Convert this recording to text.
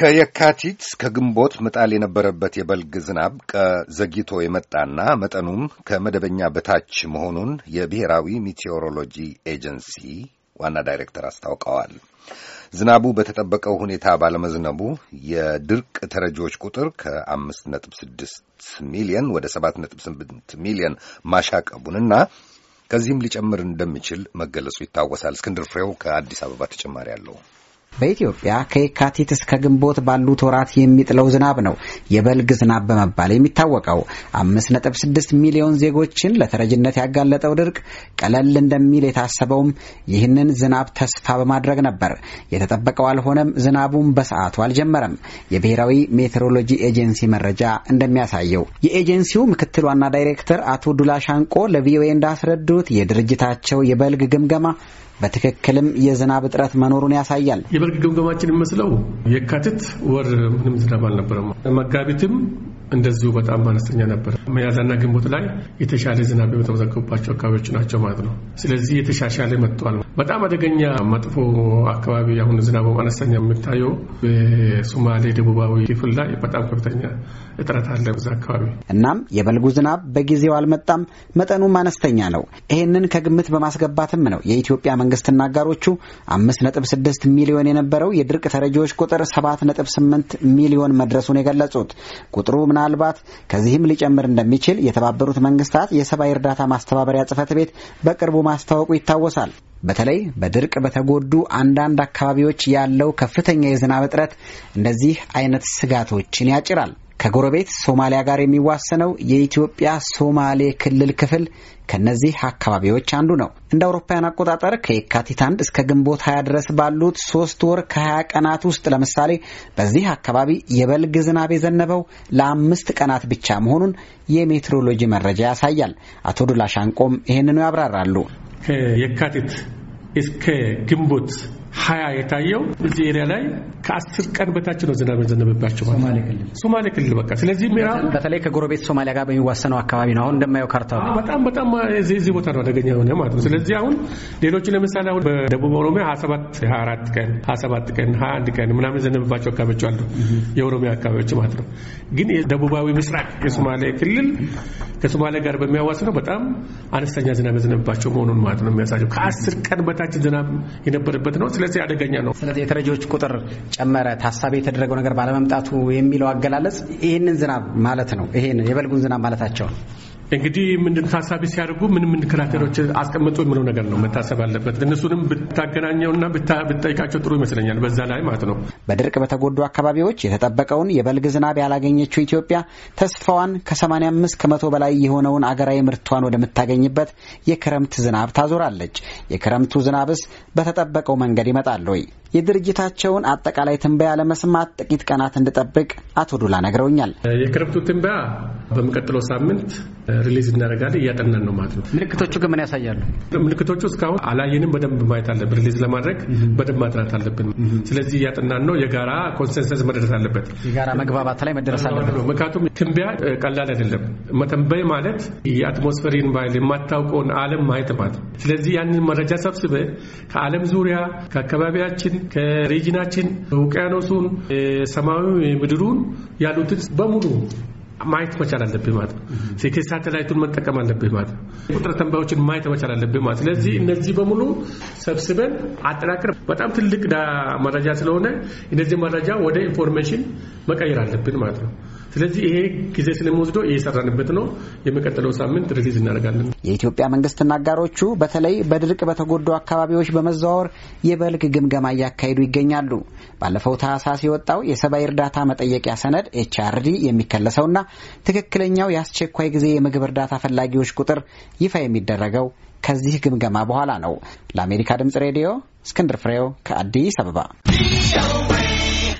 ከየካቲት ከግንቦት መጣል የነበረበት የበልግ ዝናብ ዘግይቶ የመጣና መጠኑም ከመደበኛ በታች መሆኑን የብሔራዊ ሚቴዎሮሎጂ ኤጀንሲ ዋና ዳይሬክተር አስታውቀዋል። ዝናቡ በተጠበቀው ሁኔታ ባለመዝነቡ የድርቅ ተረጂዎች ቁጥር ከ5.6 ሚሊዮን ወደ 7.8 ሚሊዮን ማሻቀቡንና ከዚህም ሊጨምር እንደሚችል መገለጹ ይታወሳል። እስክንድር ፍሬው ከአዲስ አበባ ተጨማሪ አለው። በኢትዮጵያ ከየካቲት እስከ ግንቦት ባሉት ወራት የሚጥለው ዝናብ ነው የበልግ ዝናብ በመባል የሚታወቀው። አምስት ነጥብ ስድስት ሚሊዮን ዜጎችን ለተረጅነት ያጋለጠው ድርቅ ቀለል እንደሚል የታሰበውም ይህንን ዝናብ ተስፋ በማድረግ ነበር። የተጠበቀው አልሆነም። ዝናቡም በሰዓቱ አልጀመረም። የብሔራዊ ሜትሮሎጂ ኤጀንሲ መረጃ እንደሚያሳየው የኤጀንሲው ምክትል ዋና ዳይሬክተር አቶ ዱላ ሻንቆ ለቪኦኤ እንዳስረዱት የድርጅታቸው የበልግ ግምገማ በትክክልም የዝናብ እጥረት መኖሩን ያሳያል። የበልግ ግምገማችን የሚመስለው የካቲት ወር ምንም ዝናብ አልነበረም። መጋቢትም እንደዚሁ በጣም አነስተኛ ነበር። መያዛና ግንቦት ላይ የተሻለ ዝናብ የተመዘገቡባቸው አካባቢዎች ናቸው ማለት ነው። ስለዚህ የተሻሻለ መጥቷል። በጣም አደገኛ መጥፎ አካባቢ አሁን ዝናቡ አነስተኛ የሚታየው በሶማሌ ደቡባዊ ክፍል ላይ በጣም ከፍተኛ እጥረት አለ እዛ አካባቢ። እናም የበልጉ ዝናብ በጊዜው አልመጣም፣ መጠኑም አነስተኛ ነው። ይህንን ከግምት በማስገባትም ነው የኢትዮጵያ መንግስትና አጋሮቹ አምስት ነጥብ ስድስት ሚሊዮን የነበረው የድርቅ ተረጂዎች ቁጥር ሰባት ነጥብ ስምንት ሚሊዮን መድረሱን የገለጹት ቁጥሩ ምናልባት ከዚህም ሊጨምር እንደሚችል የተባበሩት መንግስታት የሰብአዊ እርዳታ ማስተባበሪያ ጽህፈት ቤት በቅርቡ ማስታወቁ ይታወሳል። በተለይ በድርቅ በተጎዱ አንዳንድ አካባቢዎች ያለው ከፍተኛ የዝናብ እጥረት እንደዚህ አይነት ስጋቶችን ያጭራል። ከጎረቤት ሶማሊያ ጋር የሚዋሰነው የኢትዮጵያ ሶማሌ ክልል ክፍል ከነዚህ አካባቢዎች አንዱ ነው። እንደ አውሮፓውያን አቆጣጠር ከየካቲት አንድ እስከ ግንቦት ሀያ ድረስ ባሉት ሶስት ወር ከሀያ ቀናት ውስጥ ለምሳሌ በዚህ አካባቢ የበልግ ዝናብ የዘነበው ለአምስት ቀናት ብቻ መሆኑን የሜትሮሎጂ መረጃ ያሳያል። አቶ ዱላ ሻንቆም ይህንኑ ያብራራሉ። ከየካቲት እስከ ግንቦት ሀያ የታየው እዚህ ኤሪያ ላይ ከአስር ቀን በታች ነው ዝናብ የዘነበባቸው ሶማሌ ክልል በቃ ስለዚህ ምዕራብ በተለይ ከጎረቤት ሶማሊያ ጋር በሚዋሰነው አካባቢ ነው አሁን እንደማየው ካርታ በጣም በጣም እዚህ ቦታ ነው አደገኛ የሆነ ማለት ነው ስለዚህ አሁን ሌሎቹ ለምሳሌ አሁን በደቡብ ኦሮሚያ 27 24 ቀን 27 ቀን 21 ቀን ምናምን የዘነበባቸው አካባቢዎች አሉ የኦሮሚያ አካባቢዎች ማለት ነው ግን የደቡባዊ ምስራቅ የሶማሌ ክልል ከሶማሌ ጋር በሚያዋስነው በጣም አነስተኛ ዝናብ የዘነበባቸው መሆኑን ማለት ነው የሚያሳየው ከአስር ቀን በታች ዝናብ የነበረበት ነው ለዚህ አደገኛ ነው። ስለዚህ የተረጂዎች ቁጥር ጨመረ ታሳቢ የተደረገው ነገር ባለመምጣቱ የሚለው አገላለጽ ይህንን ዝናብ ማለት ነው። ይሄን የበልጉን ዝናብ ማለታቸው ነው። እንግዲህ ምንድን ታሳቢ ሲያደርጉ ምን ምን ክራቴሪያዎች አስቀምጡ የሚለው ነገር ነው መታሰብ አለበት። እነሱንም ብታገናኘውና ብትጠይቃቸው ጥሩ ይመስለኛል። በዛ ላይ ማለት ነው በድርቅ በተጎዱ አካባቢዎች የተጠበቀውን የበልግ ዝናብ ያላገኘችው ኢትዮጵያ ተስፋዋን ከ85 ከመቶ በላይ የሆነውን አገራዊ ምርቷን ወደምታገኝበት የክረምት ዝናብ ታዞራለች። የክረምቱ ዝናብስ በተጠበቀው መንገድ ይመጣል ወይ? የድርጅታቸውን አጠቃላይ ትንበያ ለመስማት ጥቂት ቀናት እንድጠብቅ አቶ ዱላ ነግረውኛል። የክረምቱ ትንበያ በሚቀጥለው ሳምንት ሪሊዝ እናደርጋለን። እያጠናን ነው ማለት ነው። ምልክቶቹ ግን ምን ያሳያሉ? ምልክቶቹ እስካሁን አላየንም። በደንብ ማየት አለብን። ሪሊዝ ለማድረግ በደንብ ማጥናት አለብን። ስለዚህ እያጠናን ነው። የጋራ ኮንሰንሰስ መደረስ አለበት። የጋራ መግባባት ላይ መደረስ አለበት። ምክንያቱም ትንበያ ቀላል አይደለም። መተንበይ ማለት የአትሞስፌሪን ባይል የማታውቀውን ዓለም ማየት ማለት ስለዚህ ያንን መረጃ ሰብስበ ከዓለም ዙሪያ ከአካባቢያችን ከሬጂናችን ውቅያኖሱን፣ ሰማያዊ ምድሩን ያሉትን በሙሉ ማየት መቻል አለብህ ማለት ነው። ሳተላይቱን መጠቀም አለብህ ማለት ነው። ቁጥር ተንባዮችን ማየት መቻል አለብህ ማለት ስለዚህ እነዚህ በሙሉ ሰብስበን አጠናክር በጣም ትልቅ መረጃ ስለሆነ እነዚህ መረጃ ወደ ኢንፎርሜሽን መቀየር አለብን ማለት ነው። ስለዚህ ይሄ ጊዜ ስለሚወስደው እየሰራንበት ነው። የሚቀጥለው ሳምንት ሪሊዝ እናደርጋለን። የኢትዮጵያ መንግስትና አጋሮቹ በተለይ በድርቅ በተጎዱ አካባቢዎች በመዘዋወር የበልግ ግምገማ እያካሄዱ ይገኛሉ። ባለፈው ታህሳስ የወጣው የሰብአዊ እርዳታ መጠየቂያ ሰነድ ኤችአርዲ የሚከለሰውና ትክክለኛው የአስቸኳይ ጊዜ የምግብ እርዳታ ፈላጊዎች ቁጥር ይፋ የሚደረገው ከዚህ ግምገማ በኋላ ነው። ለአሜሪካ ድምጽ ሬዲዮ እስክንድር ፍሬው ከአዲስ አበባ